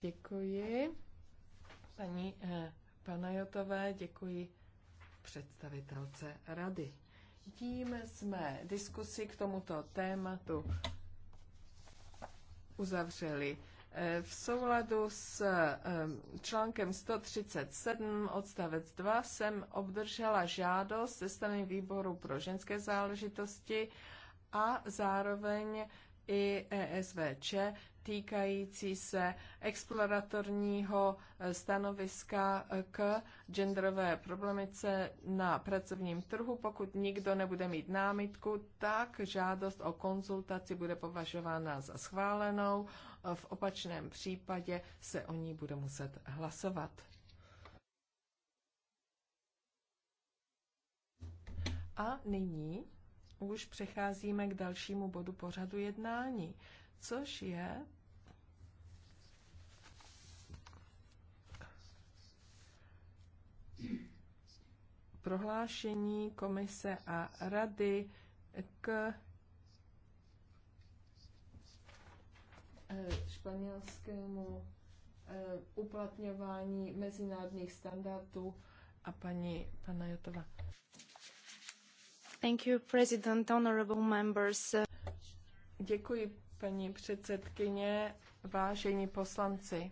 Děkuji paní eh, Panajotové, děkuji představitelce rady. Tím jsme diskusi k tomuto tématu uzavřeli. Eh, v souladu s eh, článkem 137 odstavec 2 jsem obdržela žádost ze strany výboru pro ženské záležitosti a zároveň i ESVČ týkající se exploratorního eh, stanoviska eh, k genderové problemice na pracovním trhu. Pokud nikdo nebude mít námitku, tak žádost o konzultaci bude považována za schválenou. Eh, v opačném případě se o ní bude muset hlasovat. A nyní už přecházíme k dalšímu bodu pořadu jednání, což je prohlášení komise a rady k eh, španělskému eh, uplatňování mezinárodních standardů a paní pana Jotova. Děkuji, paní předsedkyně, vážení poslanci.